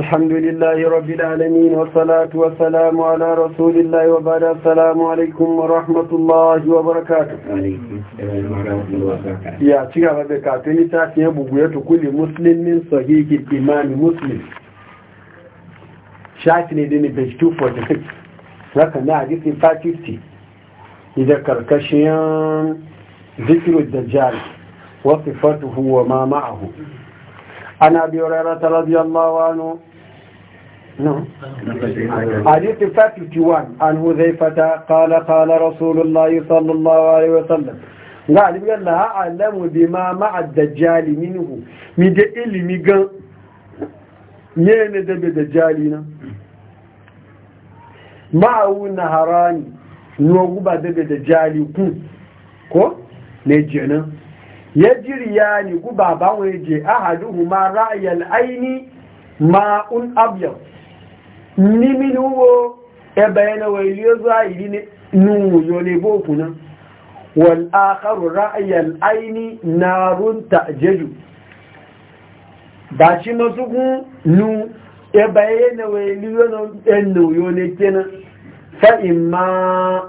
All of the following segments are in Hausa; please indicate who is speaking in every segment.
Speaker 1: الحمد لله رب العالمين والصلاة والسلام على رسول الله وبعد السلام عليكم ورحمة الله وبركاته يا شيخ أبو كاتني تاتي بقولي كل مسلم من صحيح الإيمان مسلم شاكني ديني بيج 246 لكن حديث 550 إذا كركشيان ذكر الدجال وصفته وما معه عن أبي هريرة رضي الله عنه حديث 51 عن هذيفة قال قال رسول الله صلى الله عليه وسلم قال لا أعلم بما مع الدجال منه من علمي قال مين دب دجالنا معه نهراني نوغبا دب دجالي كو نجينا ya jiriya ni guba ban waje ahaduhu ma ra'ayal aini ma'un abyad ni minuwo e bayana wayli zahiri ni nu yole boku nan wal akharu ra'ayal na runta jeju. ba shi masugun nu e bayana wayli yono enu yole kenan fa imma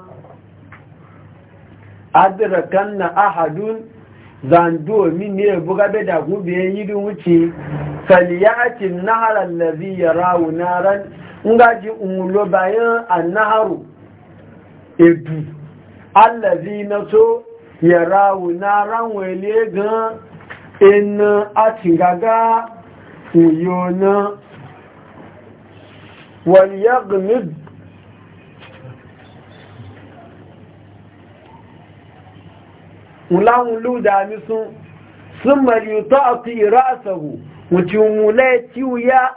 Speaker 1: adrakanna ahadun zan zando min ne buga bai da gube yi da wuce faliyatin naharar da zai ya rawu naran ngaji umulo bayan annaharu edu allazi na so ya rawu naran wele gan ina a cingaga uyo na waliyar ulahun luda misun sun mariyuta a ti ra'asahu wuce mula ciwo ya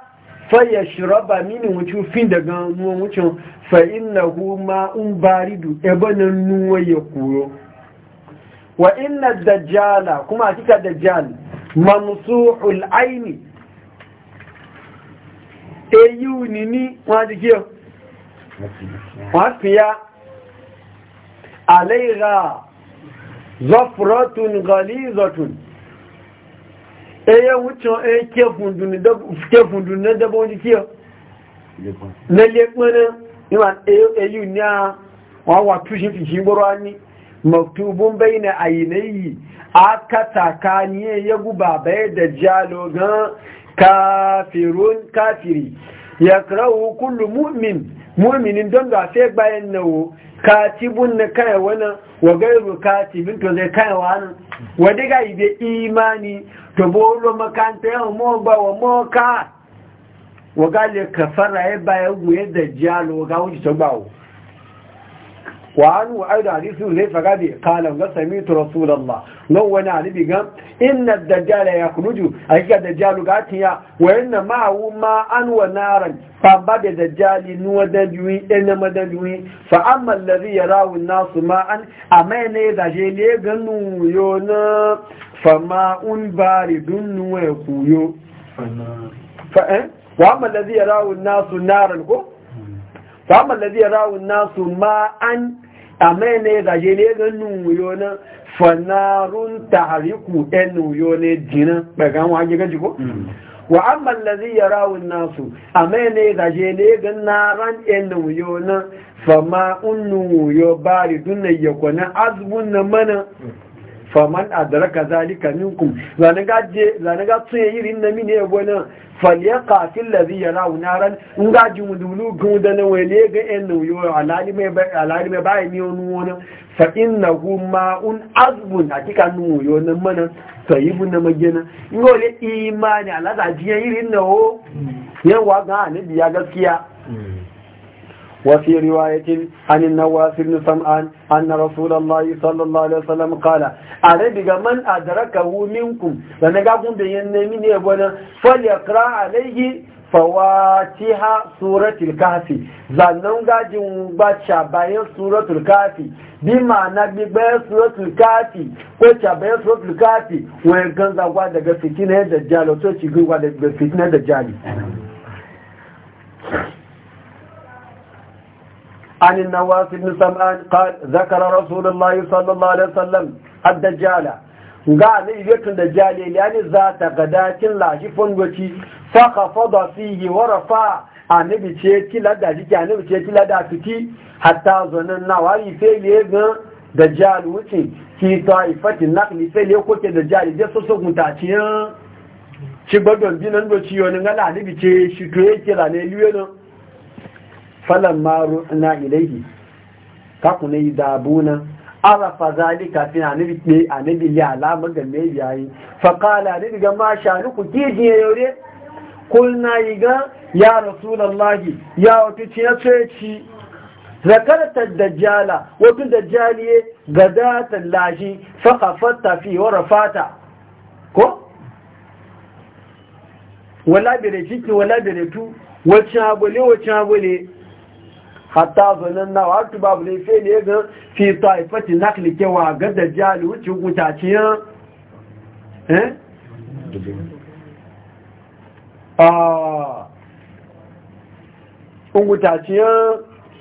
Speaker 1: faya shiraba mini wuce fin daga nuwan wucin fa'in na goma un baridu na nuwa ya kuro wa da dajjala kuma kika dajjal mamsuhul ul’aini eyu nini wọ́n ti wa o wọ́n zafratun ghalizatun eye wuce e ke fundun da ke fundun na da bonji kiyo na lekmana iman e yu nya wa wa tushin fishin borani maktubun bayna aynayi aka takani ya guba bai da jalo ga kafirun kafiri yakrahu kullu mu'min mu'minin don gafe fe bayan nawo katibun na kaya wani wa gairu katibin to zai kaya wani wadda ga ibe imani to bo bolo makanta yawon ba wa ka, wa gale fara ya bayan guye da jalo ga wuce ta gbawo وعنه أيضا حديث ليس فقادي قال وسميت رسول الله لو وانا نبي قام إن الدجال يخرج أيها الدجال قاتيا وإن معه ماء ونارا فبعد الدجال نودجوي إنما دجوي فأما الذي يراه الناس ماء أما إن إذا جيلي قنو يونا فما بارد ويقويو فأه وأما الذي يراه الناس نارا فأما الذي يراه الناس ماء amma ne ga je ne ga nuyo na fanarun tahriku ɗan nuyo ne jinan ɓagan waje ga jiko mm. wa amma allazi yarawun nasu amma ne ga je ne ga naran ɗan nuyo na fama un nuyo bari dunna ya azbun na mana mm. faman adraka zalika minkum zanaga je zanaga tsaye irin na mine wani falyaka fil ladhi yarahu naran nga gun da na wele ga en yo alali me alali me bai ni onu na, fa innahu ma'un azbun hakika kika nuyo na mana bu na ga ngole imani alazajiyar irin na o hmm. yawa ga ne biya gaskiya hmm. وفي رواية عن النواس بن سمعان wuminku. رسول الله صلى الله عليه وسلم قال عليك من أدركه منكم لنقاكم بينمين يبونا فليقرأ عليه fawatiha suratul kafi zannan gajin bacha bayan suratul kafi bi ma'ana bi bayan suratul kafi ko cha bayan suratul kafi wai ganza gwa daga fitina da jalo to ci gwa daga fitina da jali عن النواس بن سمعان قال ذكر رسول الله صلى الله عليه وسلم الدجال قال يجت الدجال يعني ذات غداة لا شفن فخفض فيه ورفع annabi ce kila da jiki annabi ce kila da fiti hatta zonan na wari sai le ga dajjal wuce ki taifatin naqli sai le ko ke dajjal je so so mutaci ci gbadon binan do ciyo ne ngala annabi ce shi to yake la ne liwe falan maru na ilaihi kakuna yi dabuna arafa zalika fi anabi ne anabi ya alama ga me yayi fa qala anabi ga ma shanuku kiji yore kulna yiga ya rasulullahi ya wato ce ya ce ci zakarta dajjala wato dajjaliye gadata lashi fa qafatta fi warafata ko wala bere ciki wala bere tu wacce abule wacce abule hatta zanen na wato babu ne sai ne ga fi ta taifati nakli wa ga da jali wuce gutace ya eh ah gutace ya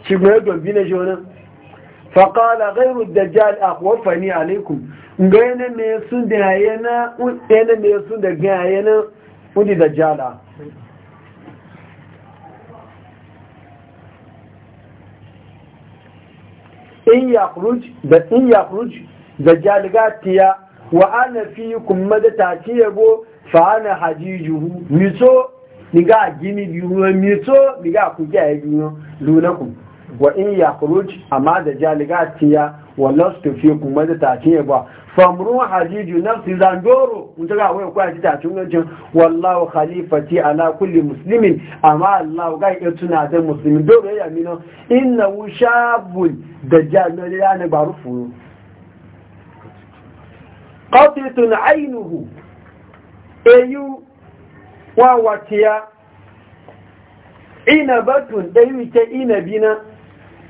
Speaker 1: shigbe don bi na jona faqala ghayru ad-dajjal akhwafani alaikum ngayene me sun da yana yana me sun da gayena udi dajjala in yakhruj da in yakhruj da jaligatiya wa ana fi kuma da takiya go fa ana hajijuhu mito ni ga gini biyu mito ni ga ku ga biyu lunakum wa in ya kuruj amma da jaliga tiya wallan su tafiye kuma da ya ba famru hajiju nafsi zandoro mun ta gawo ko ji tafin gancin wallahu khalifati ala kulli muslimin amma Allah ga ya tuna da muslimin dole ya mino inna wushabul da ne ya ne barufu qatitun aynuhu ayu wa watiya inabatun dayu ta inabina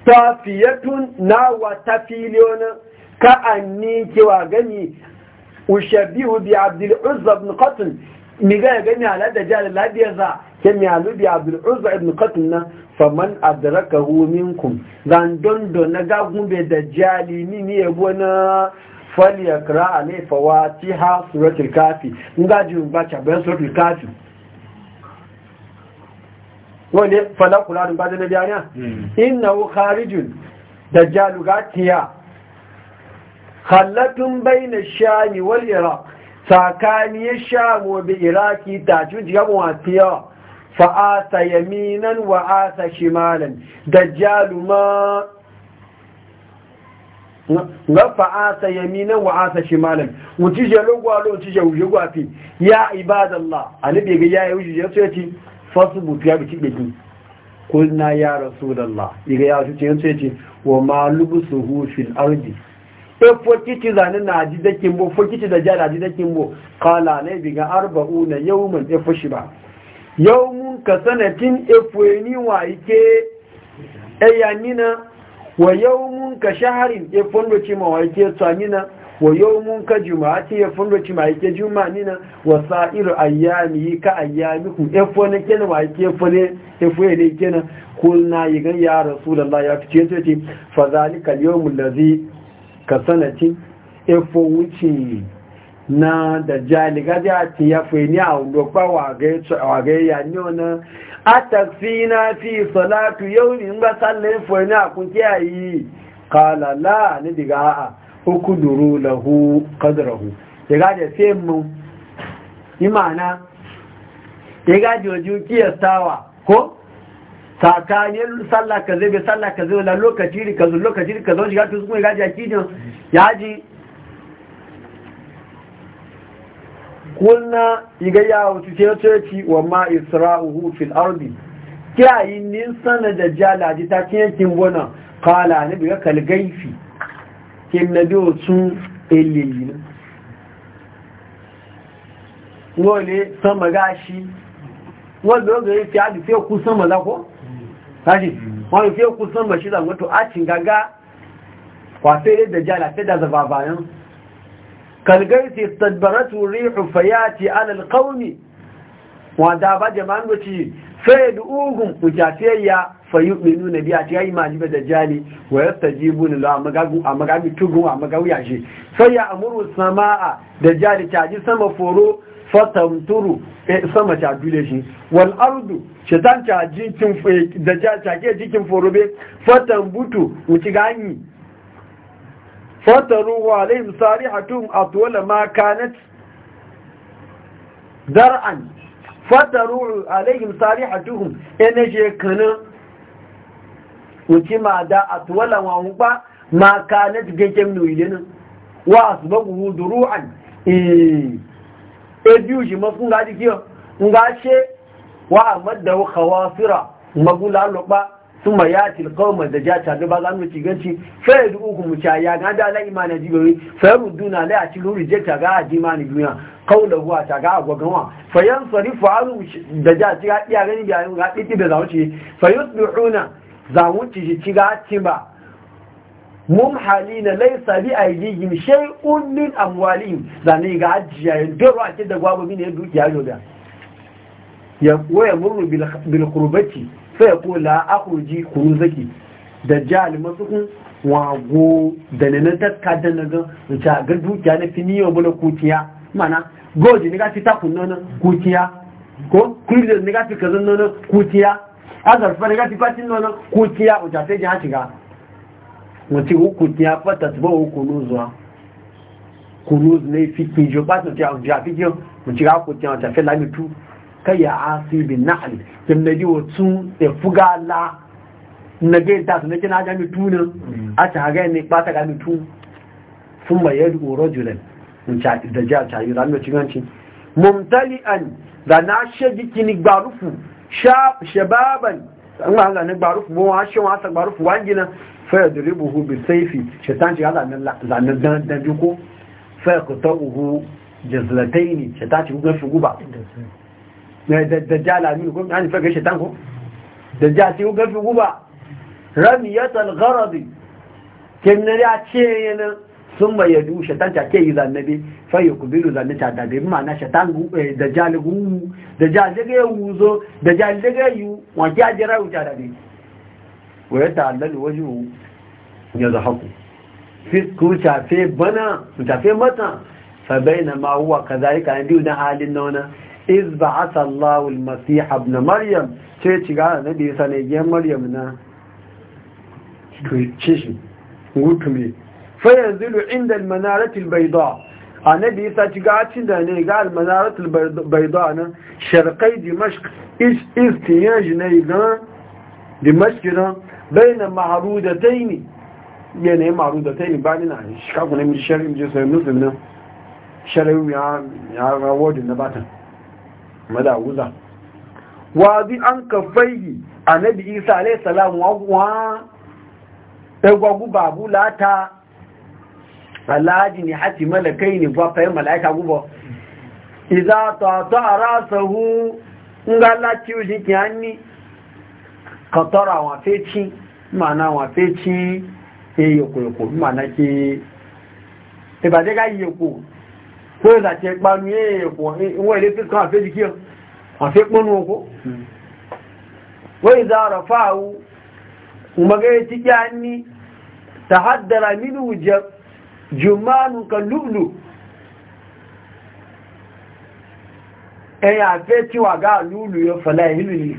Speaker 1: tafiyatun na wata filiyonin ka ni kewa gani ushabihu bi abdul uzza ibn qatl mi ga gani ala da jali labiya za ke mi alu bi abdul uzza ibn qatl na faman adrakahu minkum zan dondo na ga gumbe da jali ni ni yabo na laifawa, ti fawatiha suratul kafi ngaji ba ta bayan suratul kafi wani falon kula ba da na biyaniya hmm. inna wu kharijun da jalugatiya hallatun bai na shami wal iraq ya shamu bi iraki ta cuci gabon yawa. fa'asa yaminan wa'asa shimalan dajjalu ma na fa'asa yaminan wa'asa shimalan wuci je logwalo wuci je wuce gwafi ya ibadallah alibi ga ya wuce je su ya fasu mutu ya biki ko kulna ya rasu da Allah iga ya fice yace ce wa ma su hufin ardi e fokiti zanin na ji dakin bo fokiti da jara ji dakin bo kala ne biga yau yawman e fushi ba yawmun ka sanatin e fueni wa ike e yanina wa yawmun ka shaharin e fondo ci ma wa ike tsanina wa yawmun ka ce ya fundo ci mai ke juma'a nina wa sa'iru ayyami ka ayyamikum efo na kenan wa ke efo ne efo ne na kulna ga ya rasulullah ya fice ce ce fa zalika al-yawmul ladhi ka sanati efo wuci na da jaliga da ti ya fe ni a ndo pa wa ga wa ga ya ni ona atafina fi salatu yawmin ba sallan fo ni kun ki ayi qala la ni diga a'a ukuduru lahu qadrahu ya da sai mu imana ya gaje wajen kiyastawa ko tsakanin sallah ka zai bai sallah ka zai wala lokaci rika zo lokaci rika zo shiga tusu kuma ya gaje akidin ya ji kulna iga yawo cikin ceci wa ma isra'uhu fil ardi kiyayi nisan da jalaji ta cikin kimbona kala ne bi ga kalgaifi kem na bí o tún ele yìí wọ́n lè sánmà gáàṣí wọ́n lè ọgbẹ̀rẹ̀ fi àdì fẹ́ kú sánmà lápọ́ káàṣì wọ́n lè fẹ́ kú sánmà ṣílá wọ́n áti gaga wà fẹ́rẹ́ dẹjá àlàfẹ́dà zàbàbàyán kalgarti tadbaratu rihu qawmi wa da ba jama'an fayyadu ugun ku jafiyayya fayu nuna biya ta yi malibe da jali wa ya taji buni lo a magabi tugun a magawi ya shi a amuru sama'a da jali ta ji sama foro fatamturu sama ta dule shi wal ardu shaitan ta jikin da jali ta ke jikin foro be fatambutu wuci ganyi fataru wa alaihim sarihatun atwala ma kanat dar'an fataru alaihim salihatuhum ene kana uti ma da atwala wa huba ma kana genkem no ilena wa asbagu duruan e ebiu mafunga masu ngache wa amadda khawasira magula loba suma ya ce da kawo mai da ja cajo ba za mu ci ganci fere da ukun mu cayi ya ga da ala imanin jibiri fere mu duna lai a cikin rijiyar ta ga a jimani duniya kawo ga a gwagawa fayan tsari fa'aru da ja ci ga iya gani biya yau ga ɗiki da zaunci fayan tsari zaunci shi ci ga ci ba mun hali na lai sabi a yi gigi shai unin amwali zane ga ajiya ya doro a ce da gwagwami ne ya dukiya yau ya koya murnu bilkurbaci sai ya kula akuji kuru zaki da jali masukun wago da na tattaka da na ga wuce a ga dukiya na finiyo bula kuciya mana goji ni gafi takun nonon kuciya ko kulilis ni gafi kazan nonon kuciya azarfa ni gafi fatin nonon kuciya wuce sai ji haci ga wuce hukuciya ta su ba hukunu zuwa kunu ne fi kijo ba su ce a wuce a fi kijo wuce ga hukuciya wuce a fi tu. kai ya asi bin na'al kim na ji wasu ya fuga la na ga ta su na kina ga mi ne mm. a ta ga ne ba ta ga mi tun sun mai yadu rajulan in da ja cha yi ranar cinanci mumtali'an da na shaji kini gbarufu shababan an ga ne gbarufu mo wa shi wa ta gbarufu wangina fa yadribuhu bi sayfi shaitan ji ala nan zanan dan dan ko fa yaqta'uhu jazlataini shaitan ji shugu ba Eh, da ko an ko fi sun yadu shatan ta ke yi fa yuqbilu zannata da bi ma'ana shaitan eh, da jali da jali ga da jali yi yu a jira u dabe bi wa allalu waje wu ya zahaku fi ku ta bana ta fe mata fa bainama ka yi andi na halin nona إذ بعث الله المسيح ابن مريم تيجا نبي سنجي مريم نا تيجي غوتمي فينزل عند المنارة البيضاء النبي آه، ساتيجا تيجا نيجا المنارة البيضاء نا شرقي دمشق إيش إيش إستياج نيجا دمشق نا بين معروضتين يعني معروضتين بعدين شكاكو نمشي شرقي مجلسة نزل نا شرقي يا يا رواد النباتة madaguza wazi an annabi isa alayhi salam wa egwagu babu lata alaji ne malakai ne ba fayin malaika gubo idza tata rasahu ngala katara wa feci mana wa feci mana ke kó ìdàtí ẹgbà ní èèpọ̀ ìwọ̀n ilé fíkan àfẹ́jì kí àfẹ́pọ̀nù oko wọ́n ìzà ọ̀rọ̀ fáàwú umarẹ́ ti já kan lúlù ẹ̀yà àfẹ́ tí wà gáà lúlù yọ fàlá ìhìlù ní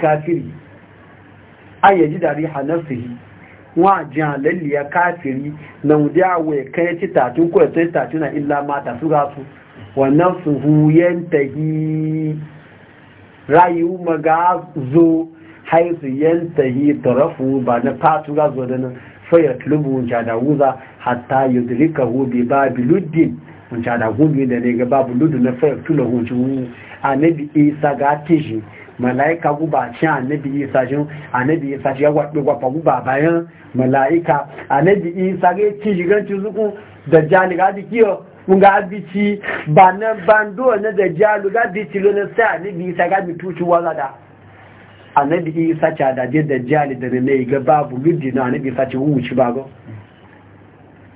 Speaker 1: ayẹ̀jì dàrí hànáfìrí wọ́n àjẹ́ àlẹ́lẹ̀ káfìrí na wùdí àwọ̀ ẹ̀kẹ́ títà tí ó kọ́ ẹ̀tọ́ ìtàtí na ilá máa wa nafsuhu yantahi rayu maga zo haisu yantahi tarafu ba na fatu ga zo da nan fayar tulubu jadawuza hatta yudrikahu bi babiluddin wunca da gudu da ne ga babu ludu na fayar tula hujju annabi isa ga tiji malaika guba cin annabi isa jin annabi isa ya gwaɓe gwafa guba bayan malaika annabi isa ga tiji ganci zuku da jani ga dikiyo nga abici ba na bando na da jalu ga bici lona sa ni bi sa ga mituci wala da annabi isa ta da je da jali da ne ga babu gidi na annabi isa ci wuci ba go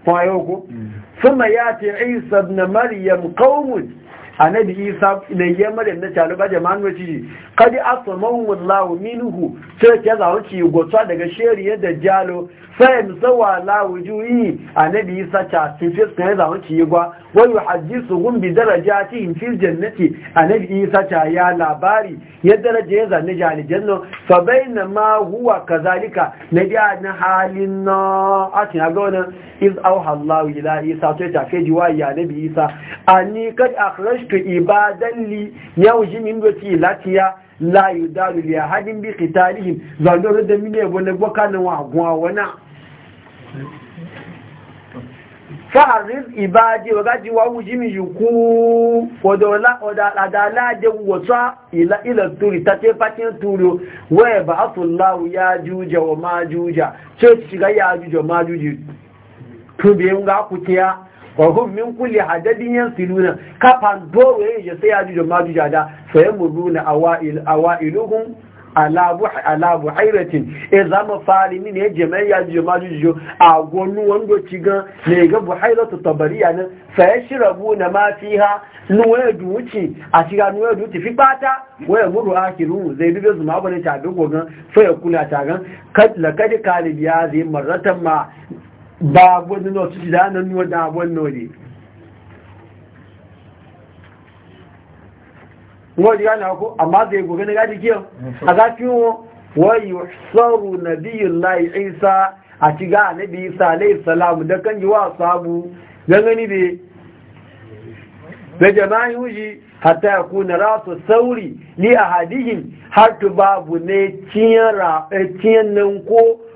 Speaker 1: fa yoko mm. thumma yati isa ibn maryam qaumun annabi isa ne ya mara na talu ba jama'an wace kadi asamahu wallahu minhu sai ke zawo ki gotsa daga shari'a ya jalo sai musawa la wujuhi annabi isa ta tafi sai zawo ki gwa wa yuhaddisuhum bi darajatihim fi jannati annabi isa ta ya labari ya daraja ya zanni jali janno fa ma huwa kazalika nabi na halin na a tin ga wannan iz auha allah ila isa to ta fe jiwa ya nabi isa ani kad akhrash kuntu ibadan li yau ji min wasi latiya la daru li hadin bi kitalihin zandoro da mine wani bokan wa gwa wana fa'arin ibadi wa gaji wa wuji min mi yuku wadala da wata ila turi ta ce fatin turi waya e ba asullahu ya juja wa ma juja ce shiga ya juja ma juji tun biyan e ga kutiya wahum min kulli hadadin yansiluna kafan dowe ya sai ya da ma juja da fayamuruna awail awailuhum ala ala buhairatin e zama fari ni ne jama'a ya jujo ma jujo wando cigan ne ga buhairatu tabariya nan fayashrabuna ma fiha nuwadu duci a ciga nuwadu duci fi bata waya muru akiru zai bi zuma bane ta dogon gan fayakuna ta gan kad lakad kalibiya zai marratan ma ba gwani na cikin da nuna da abuwan nori wani gani haku amma zai gogi na gani kiyon a zafin wani tsoro na biyun lai isa a shiga na biyu isa na yi salamu da kan yi wa sabu don gani da ya jama'in huji hata ya kuna rasu sauri ni a hadihin tu babu ne ciyen ninko ko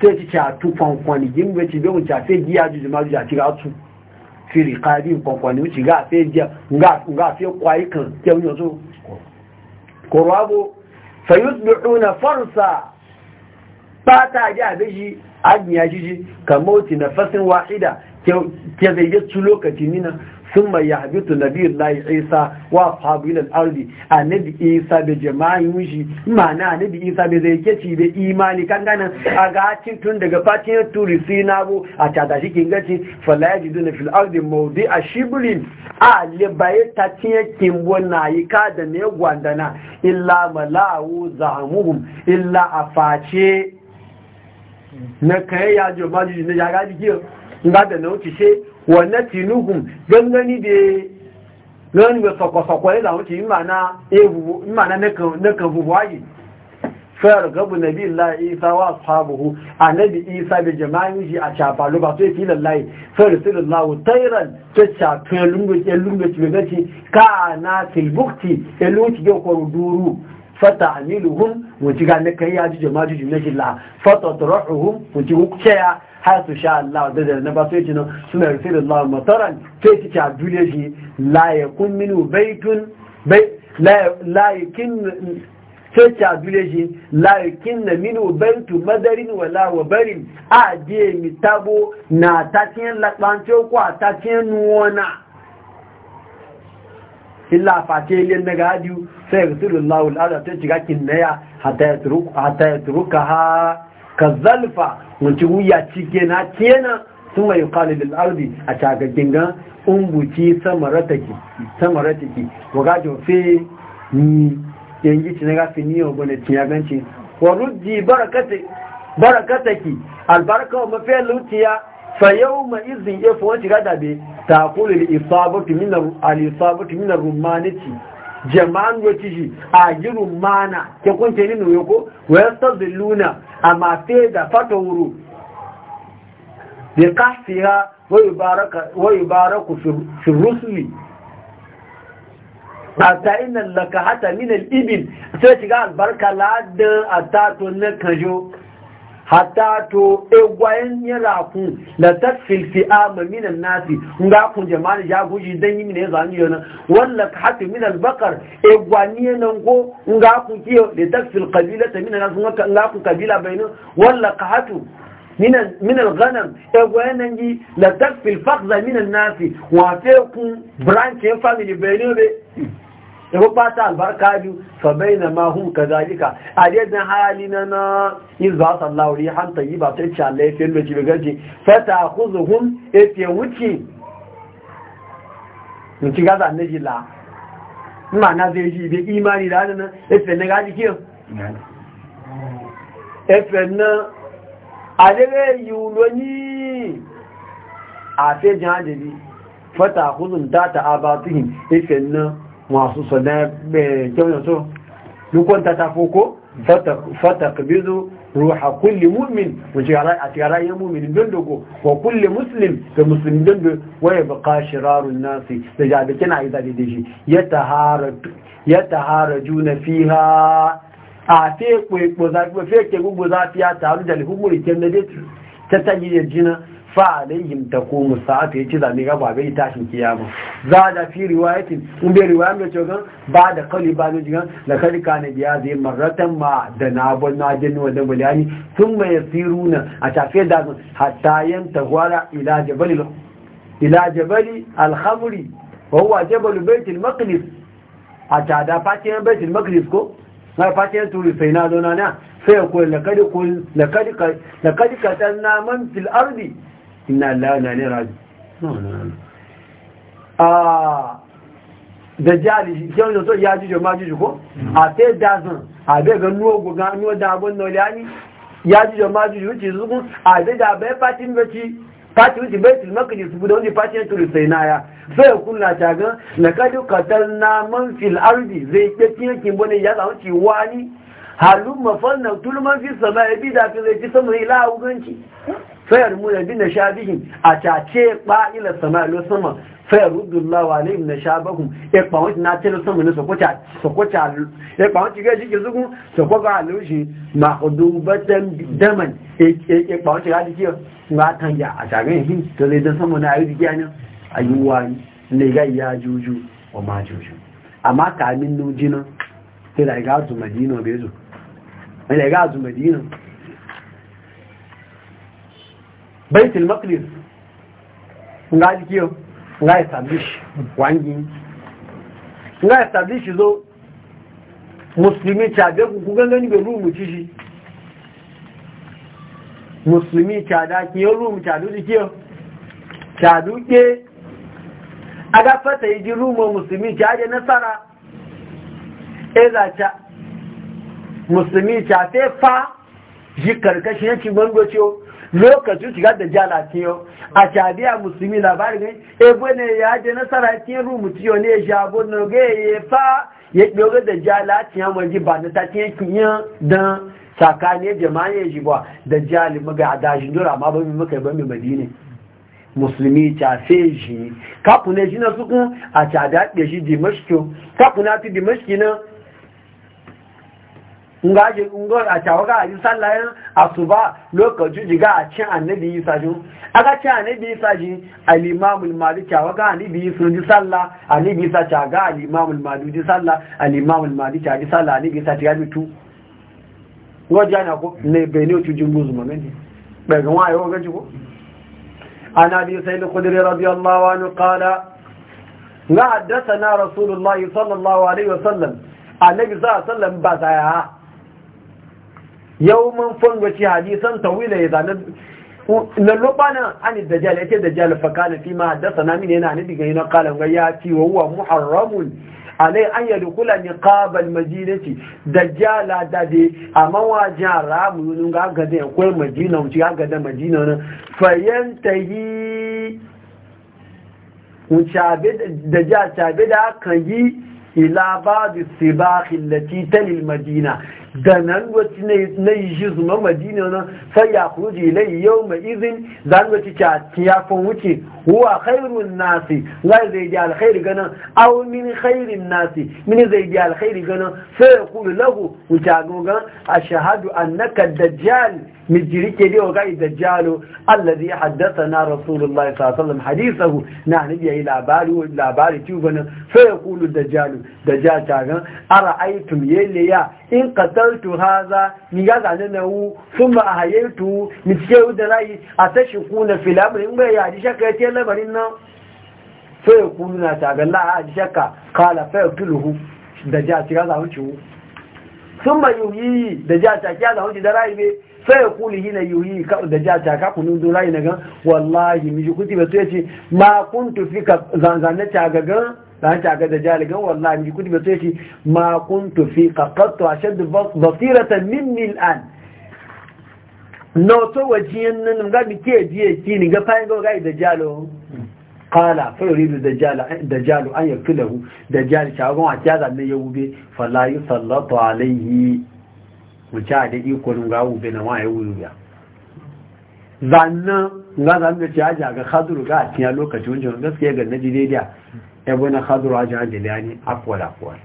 Speaker 1: sai ci catu kwankwani yin mai ci bewun ca sai giya juju ma juja ci ga su firi kari kwankwani wuce ga sai giya sai kwayi kyau yanzu korabo fayus bi'una farsa ba ta ji a gaji kamar na fasin wahida ke zai ثم يهبط نبي الله عيسى واصحابه الى الارض النبي عيسى بجماعه وشي معنى النبي عيسى بزيكeci da imani kan ganin a gacin tun daga fatin turi sinabu a tada shi kin gaci fala yajiduna fil ardi mawdi ashibrin a libaye ta tiye kimbo na yi ka da ne gwandana illa malawu zahamuhum illa afache na kai ya jo majiji ne ya gaji na wuce wa na tinuhun gangani da gani mai sakwasakwa ya zama ke ima na kan buhari fayar gabu na biyu la'a isa wa sabuhu a na bi isa da jama'in shi a shafalu ba sai filin la'i fayar filin la'u tairan ta shafin lungu ce ka na tilbukti ya lungu ke kwaru duru fata hamiluhum wuci ga na kai yaji jama'a juju na jilla fata tarahuhum wuci hukuce ya har su sha Allah da da na ba sai jino suna rufe da Allah mataran sai ki ta dule shi la minu baitun bai sai ta dule shi la na minu baitu madarin wala wa barin a je mi tabo na takin lakbanto ko a takin nuwana illa face yin na gadiyu sai ya rusuru lawul ala ta shiga kinnaya hata ya turuka ha ka zalfa wancin wuya cike na kena sun mai da arzi a cagagin gan unguci samarataki samarataki gajo fi ni yanki ci na gafi ni yau bane ciya ganci wa rujji barakataki albarka wa mafiya lutiya فيوم إذن يفو أنت قد تقول الإصابة من الإصابة من الرمانة jama'an yoci shi a girin mana ke kunce ni nuyo ko westa zilluna a mafe da fata wuru da kafiya wai baraku fi a ta'inan laka hata minal ibin sai shiga albarka ladan a tato na kajo hatta to egwayen yara rafu da tafil fi ama minan nasi nga kun jama'a ya guji dan yi mine yanzu an yi Wanda walla hatu min bakar e ya nan ko nga kun kiyo da tafil kabila ta minan nasu nga kun kabila bai nan ka hatu minal e egwayen nan yi da tafil fakza minan nasi wafe kun branch ya family bai ne yabo bata albarka biyu fa bai baina ka zalika a ajadan hali na na izba sallahu hanta yi ta ce cala ya fi da jibi gaji fa ta'khuzuhum ife wuce mun ci gaza na jila ma na zai ji bi imani da nan ife na gaji kiyo fiye na adere yi wuloni a fe jan de bi fata kuzun ta ya fiye na masu sada kyaunar so dukkan ta foko ko fata kabizu ruha kulle mu'min a tiyara yin don dogo wa kulle musulun da musulun don dogo waya baka shirarun nasi da jabi a yi da shi ya tahara juna fiha a fe zafi ke ya taru da lihumuri kyan da ta tagi da jina fa'alayhim taqumu sa'atu yace zame ga ba bai tashin kiyama za da fi riwayatin in bai riwaya da cewa ba da qali ba ne jigan la kad kana biya zai marratan ma da na bon na jin wa da bulani thumma yasiruna a tafiya da hatta yantawara ila jabal ila jabal al-khamri wa huwa jabal bayt al-maqdis a tada fatiyan bayt al-maqdis ko na fatiyan turi sai na zo na na sai ko la kad kun la kad la kad man fil ardi inna Allah na ne raji da jali yau da so ya ji jama ji ko a sai da zan a bai ga nuwa guga nuwa da abun na yani ya ji jama ji wuce zugun a bai da bai fatin baci fati wuce bai tilma ka jisu guda wani fati yankin sai na ya sai ya kunna ta gan na kadu katar na man fil ardi zai ƙyaƙi yankin bane ya samu ci wani halumma fannan tulman fi sama ya bi da fi zai ci sama ila hukunci fayar muna bin na shabihin a cace ba ila sama ilo sama fayar rudullah wa alayhim na shabahum ya kwanci na tilo sama ne sokocha sokocha ya kwanci ga shi zugun sokoga alushi mahdubatan daman ya kwanci ga dike ma tanya a tagan hin to zai dan sama na ayi a ne ayuwa ne ga ya juju wa ma juju amma kamin nujina sai da ga zu madina bezo sai da ga zu madina baitul maqdis nga jikiyo nga establish wangi nga establish zo musulmi cabe ku gangani be rumu cishi musulmi cada ki yo rumu cadu jikiyo cadu ke aga fata yi rumu musulmi caje nasara eza ca musulmi ca fa ji karkashin yankin bangocewa lokacin shiga da jala ce yau a shabiya musulmi labarin ne ebe ne ya je nasara cikin rumu tiyo ne ya shabo na ga ya fa ya ɗoga da jala ce ya waje ba na ta ce kinyan don tsakanin jama'a ya ji ba da jali maga a dashin dora ma ba mai maka ba mai ne. musulmi tafe shi kafin shi na sukun a cada ɗe shi dimashki kafin na fi dimashki na nga je ngo a chawa ga yi sallayen asuba lokacin jiga a cin annabi isa jin aka ci annabi isa jin al-imam al-malik chawa ga annabi isa ji salla annabi isa cha ga al-imam al-malik ji salla al-imam al-malik cha ji salla annabi isa ya mitu ngo jana ko ne bene o tujin buzu mamende ba ga wayo ga jiko ana bi sayyid al-qudri radiyallahu anhu qala nga haddathana rasulullahi sallallahu alaihi wasallam annabi sallallahu a wasallam ba saya yau mun ci hadisan tawila ya zane lalubana an dajjal yake dajjal fa kana fi ma haddathana min yana ni diga yana qala ga ya ci wa huwa muharramun alai an yadkhula niqab almadinati dajjala dade amma wa jara A nun ga ga da akwai madina mu ci ga da madina nan fa yantahi yi chabe dajjal chabe da kan yi ila ba, sibah allati tali madina. da nan wacce na yi shi zuma madina na sai ya kuruji ilai yau mai izin zan wacce ta tiyafin wuce wa khairun nasi zai zai ji alkhairi ganin au min khairin nasi min zai ji alkhairi ganin sai ya kulu lahu wuce a goga a shahadu annaka dajjal mijiri ke da waga dajjalo allazi haddasa na rasulullahi sallallahu alaihi hadisahu na nabi yayi labari labari tubanin sai ya kulu da dajjal ta gan yele ya in qatar matartu haza ni ga zane na wu sun ba a hayaitu ni cike da rayi a ta shi kuna filamun in bai ji shakka ya ce lamarin nan sai ya kunu na tagalla a ji shakka kala sai ya tuluhu da ja ci ga zahun ciwu sun ba yuyi da ja ta kiya zahun ci da rayi ne sai ya kuli hina yuyi ka da ja ta ka kunun do rayi na gan wallahi miji kuti ba sai ya ce ma kuntu fika zanzane ta tagagan dan ta ga da jaligan wallahi ji kudi ba sai shi ma kuntu fi qaqattu ashad basiratan minni al'an no to wajiyan nan ga mi ke biye ki ni ga fayin ga da jalo qala fa yuridu dajjal dajjal an yakulahu dajjal shagon a tiya ne ya wube sallatu alaihi mu wuce da iko ga wube na waye wuya zanna nga zanne ci aja ga khadru ga tiya lokaci wajen gaskiya ga naji daidai ابن خضر عجان يعني عفو الأقوال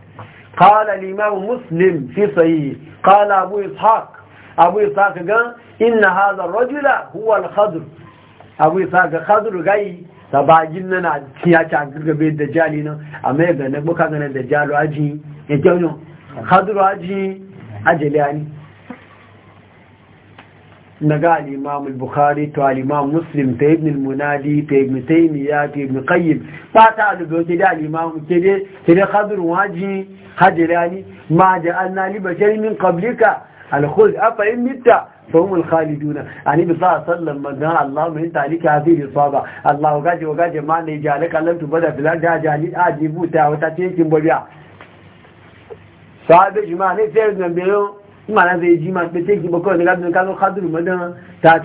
Speaker 1: قال الإمام مسلم في صحيح قال أبو إسحاق أبو إسحاق قال إن هذا الرجل هو الخضر أبو إسحاق خضر قال sabajin nan ya ci a gaggabe dajjali nan amma ya gane buka gane dajjalu aji ya kyau ne haduru aji نقال إمام البخاري تو الإمام مسلم تو ابن المنادي تو ابن تيمية تو ابن قيم فاتا لبيو تدع الإمام كده تدع خضر واجي خضراني يعني ما جعلنا لبشر من قبلك الخذ أفا إن مت فهم الخالدون يعني بصلاة صلى الله عليه وسلم مدنا اللهم انت عليك هذه الإصابة الله وقاجي وقاجي ما نجعلك لم تبدأ في الأرض جالي آجي بوتا ببيع صاحب صحابي جمعني سيدنا بيوم mana zai ji ma da teki bakawai na gabin kazo madan ta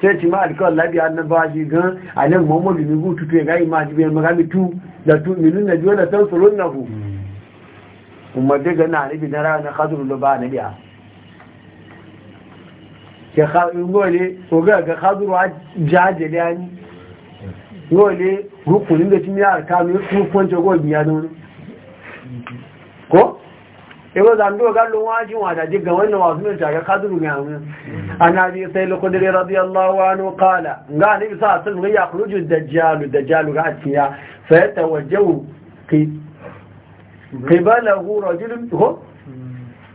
Speaker 1: sai ci ma alkawar labiya na ba shi gan a nan muhammadu mai gutu gayi ma ji magami tu da tu na jiwa da san tsoron na ku kuma alibi na rana da ba na biya ke ga a rukunin da cin rukunin ya ko yawon zanduwa gallon wajin wada jiga wannan wasu mai shaga kaduru mai amin an abi sai lokudiri radiyallahu anu kala ga nabi sa sun rai ya kuruju dajjalu dajjalu ga atiya sai ya tawajjahu qibalahu rajulun ko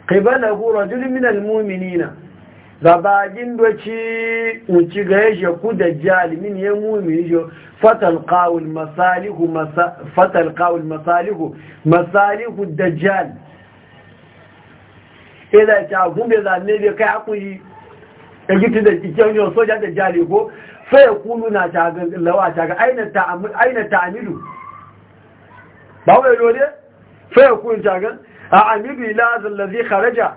Speaker 1: qibalahu rajulun min almu'minina zabagin doci uci ga yaje ku dajjal min ya mu'min jo fatal masalihu masalihu masalihu dajjal sai da ta gumbe zane bai kai hakuri da gitu da cikin yau soja da jari ko sai ya kulu na ta lawa ta ga aina ta amilu ba wai lode sai ya kulu ta ga a amilu ila zallazi kharaja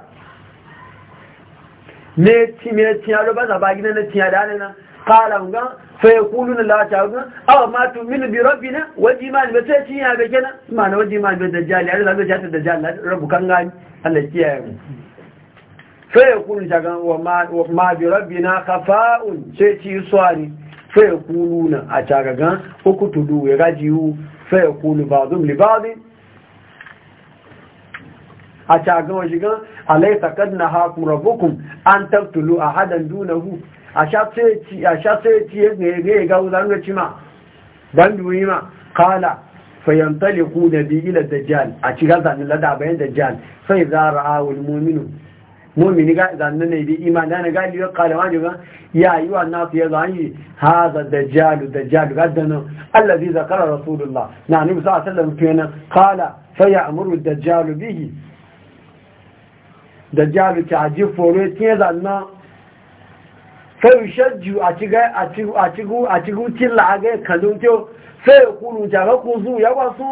Speaker 1: ne ci me ci ya ba za ba na ci ya da nan qala ngan sai ya kulu na lawa ta ga aw ma tu min bi na? waji ma ba sai cinya ya ga kenan ma na waji ma da dajjal ya da ga ta dajjal rabbukan gani Allah kiyaye mu sai ya kunu shagan wa ma bi rabbina kafa'un sai ci swari sai ya kunu na a shagagan uku tudu ya gajiyu sai ya kunu ba'dum li ba'din a shagan wa shigan alaysa kad nahakum rabbukum an taqtulu ahadan a sha sai ci a sha sai ci ne ga ga uzan ga cima dan duyi ma kala. fayantaliku da bi ila dajjal a cikin zanen lada bayan dajjal sai za ra'a wal mu'minu mu'mini ga zanen ne bi iman da na gali ya kala wani ga ya yi wa nasu ya da jalu dajjalu dajjalu Allah allazi zakara rasulullah na nabi sallallahu sallam wasallam kenan kala fayamuru dajjalu bihi jalu ta ji fore tiye zanen sai shajju a cikin a cikin a cikin a cikin tilla a ga kyau fẹ́ẹ̀kúrù jàrọ́kú ya ba su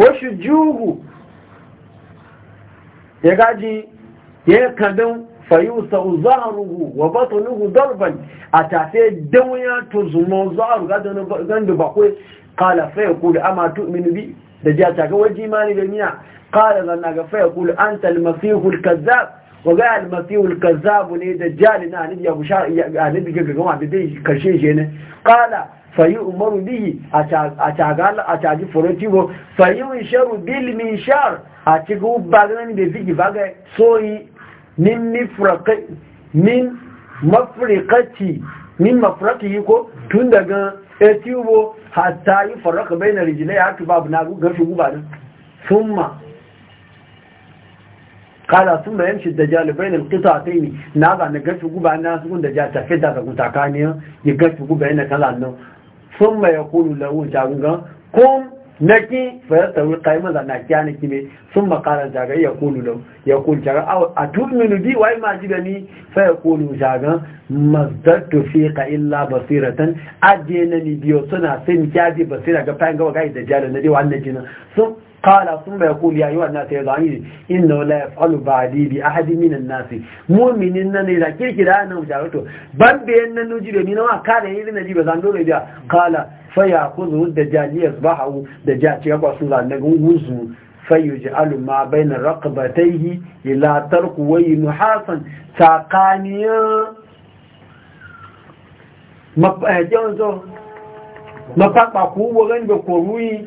Speaker 1: wọ́ṣù jugu ya gaji ya kàdán fayusa zaharuhu wa batanuhu darban a tafe dawaya to zumo zaharu da bakwai kala fayakulu ama tu'minu bi da jiya ta ga waje da miya kala zanna ga fayakulu anta almasihul kazzab wa ga almasihul kazzab ne da jali na anabi ya bushara anabi ga da dai karshe shi ne kala fayi umaru bihi a caji forotigo fayi unsharu bil shar a cikin baganan da zigi baga soyi min mafrikaci min yi ko tun daga etiubo hatta yi faraka bai na ya haka babu na gafi guba din summa kala sun bayan shi da jalibai na kusa ta yi na ga na gafi guba na su da ja tafi da ga gutakaniya ya gafi guba yana kala nan sun mai ya kulu lahu jagungan kun naki fayar tauri kaiman da naki ya naki mai sun makara jagai ya kulu lahu ya kulu jagan a turminu bi yi ma ji gani fayar kulu jagan mazdattu fi ka illa basiratan ajiye na ni biyo suna sai mi kyaji basira ga fayin gawa gai da jalo na dewa annan jina sun kala sun bai kuli yayi wannan sai zani inna la yafalu ba'di bi ahadi min an-nasi mu'minin nan da kirkira nan da wato ban bayan nan nuji da ni nawa kada yi nan jiba zan dole biya kala fa yakhudhu dajali yasbahu dajati yakwa sun zan daga guzu fayuj'alu ma bayna raqbatayhi ila tarqu wa yuhasan taqaniya mafa jonzo mafa ba ku wogan da koruyi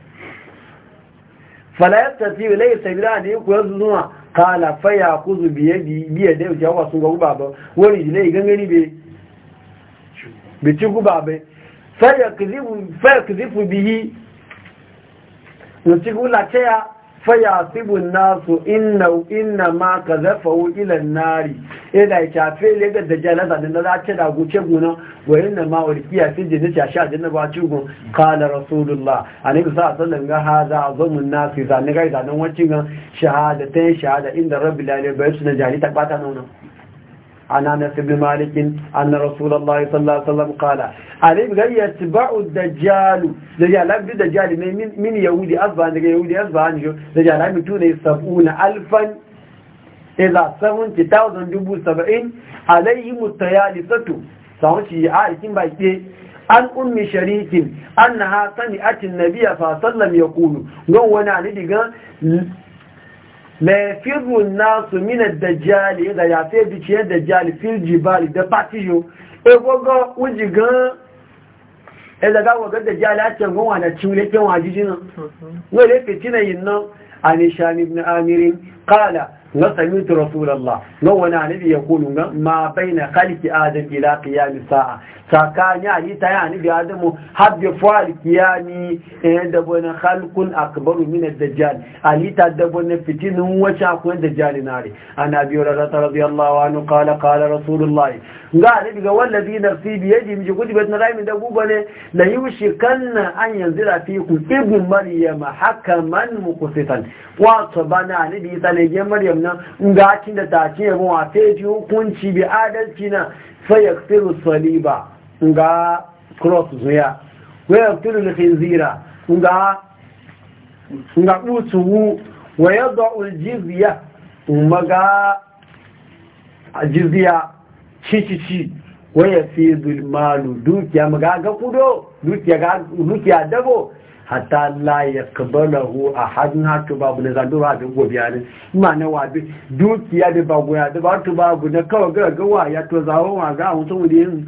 Speaker 1: fala yastati ilayhi sabila ne ku yanzu zuwa kala fa ya kuzu biye biye da yau wasu ga guba ba wani ne gangani be bi ci guba be fa yakzibu fa yakzibu bihi no ci gula ta fayasibu nasu inna inna ma zafa ilan nari yi eh, kafe le ga dajjal zan da za ta da guce guna wa inna ma ulqiya fi jinni ta sha jinna ba ci gun qala rasulullah ka sa alaihi wasallam ga hada azamun nasu zan ga zan wancin shahadatai shahada inda rabbil alamin bai su na jani ta bata nan عن انس بن مالك ان رسول الله صلى الله عليه وسلم قال عليم غير يتبع الدجال دجال لا بدي دجال من من يهودي أصبحان يهودي أصبحان جو دجال لا يمتون يسبعون ألفا إذا سبعون تتاوزن جبو سبعين عليهم التيالسة سوى شيء عائشين بايتي an ummi sharikin an na hatani atin nabiya fasallam ya kunu don wani alidigan laifirun nasu minar dajjali da ya fi biciyar dajjali da patiyo e gogo wuji gan e daga gogo dajjali ake gunwa na cimle kyan wajijin nan wale fitina yin nan a nishani ibn amirin kala na samitu rasulallah na wani anabi ya kunu ma bai na adam ila kiyami sa'a tsakani a yi ta yi anabi adamu har da fuwar kiyami ɗaya eh, da wani halkun akbaru mina dajjal a yi ta da wani fitinin wacce akwai dajjal na re ana biyu da rata radiyallahu anu kala kala rasulallah ga anabi ga wallazi na fi biye ji miji gudu bai na da guba ne da yi wushi kan an yanzu da fi ku ibn maryam hakaman mukusitan wato bana anabi ta ne maryam wannan ga cin da tace yabo wa sai ji hukunci bi adalci na sai ya tsiru saliba ga cross zuya wa ya tsiru khinzira ga ga kutu wa yadda aljizya kuma ga ci ci wa ya fi zulmalu dukiya ga kudo dukiya dabo hatta la ya kabalahu a hannun hatu babu na zanduwa da gobe ya ne ma na wabi dukiya da babu ya da ba tu babu na kawai wa ya to zawo ma ga mutum wuri yin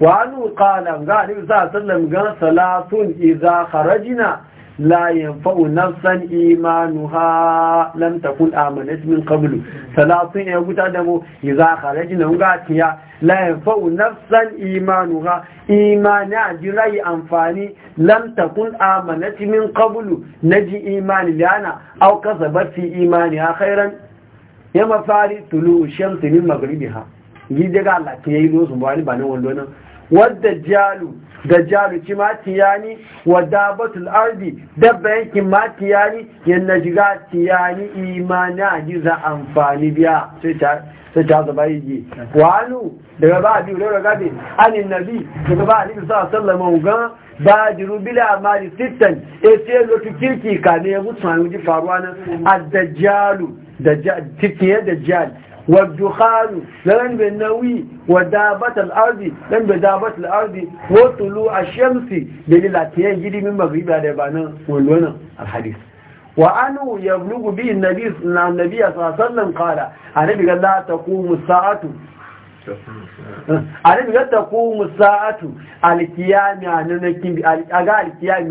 Speaker 1: wa anu qala ga ni sa sallam ga salatun idza kharajna لا ينفع نفسا إيمانها لم تكن آمنت من قبل ثلاثين يقول أدمو إذا خرجنا ونغاتيا لا ينفع نفسا إيمانها إيمانا جري أنفاني لم تكن آمنت من قبل نجي إيمان لأنا أو كذبت في إيمانها خيرا يما فاري طلوع الشمس من مغربها جيدك على كيلوس مبالي بانو ولونا wadda jalu da jaruci matiyani wa batul arzi dabba yankin matiyani yana jiga tiyani imana ji giza amfani biya sai ta zaba yi wani daga ba a biyu daga gabe anin nabi daga ba a nufi sa sallama ugan. ba a jiru bila a mali sittan e sai lotu kirki ka ne ya mutu hannu ji faruwa nan a dajjalu da tikiyar dajjal والدخان لن بالنوي ودابة الأرض لن بدابة الأرض وطلوع الشمس دليل يجري من مغرب لبانا والونا الحديث وأنه يبلغ به النبي صلى الله عليه وسلم قال النبي قال لا تقوم الساعة النبي قال تقوم الساعة الكيام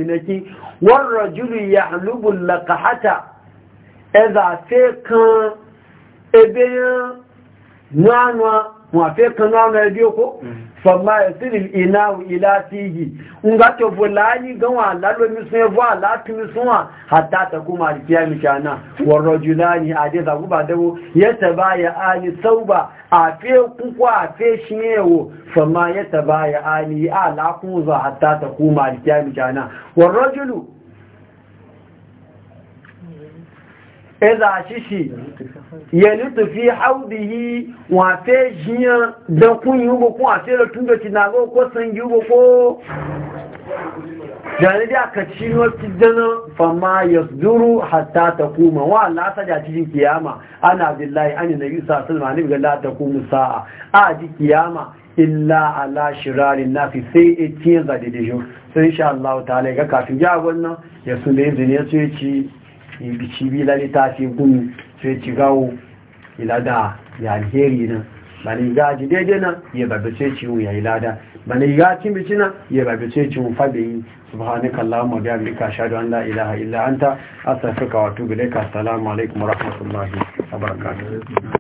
Speaker 1: نكي والرجل يحلب اللقحة إذا فكان ebe ya nwanwa wafe kanu ebe ko mm. fama esiri ina ila tihi nga to bulani gan wa lalo mi sun wa la tu mi sun wa hatta ta kuma rikiya mi kana wa rajulani ade za guba dawo ya tabaya ani sauba afe ku ko afe shinewo fama ya tabaya ani ala ku za hatta ta kuma rikiya mi kana wa rajulu eza shishi ya tó fi haudihi yìí fe fẹ́ yi gbogbo àti ẹ̀rọ tsere tun ko san yi ko jani da aka ci wata jana fama ya zuru hatta ta wa cikin kiyama ana kiyama illa ala shirarin fi sai etiyan sha Allah ta'ala ga kafin ya wannan ya su ya ci ibi cibi lalle ta ce gumi sai ci gawo ilada ya alheri nan ba ne ga ji daidai nan ya babu sai ciwo ya ilada ba ne ga nan ya babu sai ciwo faɗi yi subhanaka allahumma bi amrika ashhadu an la ilaha illa anta astaghfiruka wa atubu ilayka assalamu alaikum wa rahmatullahi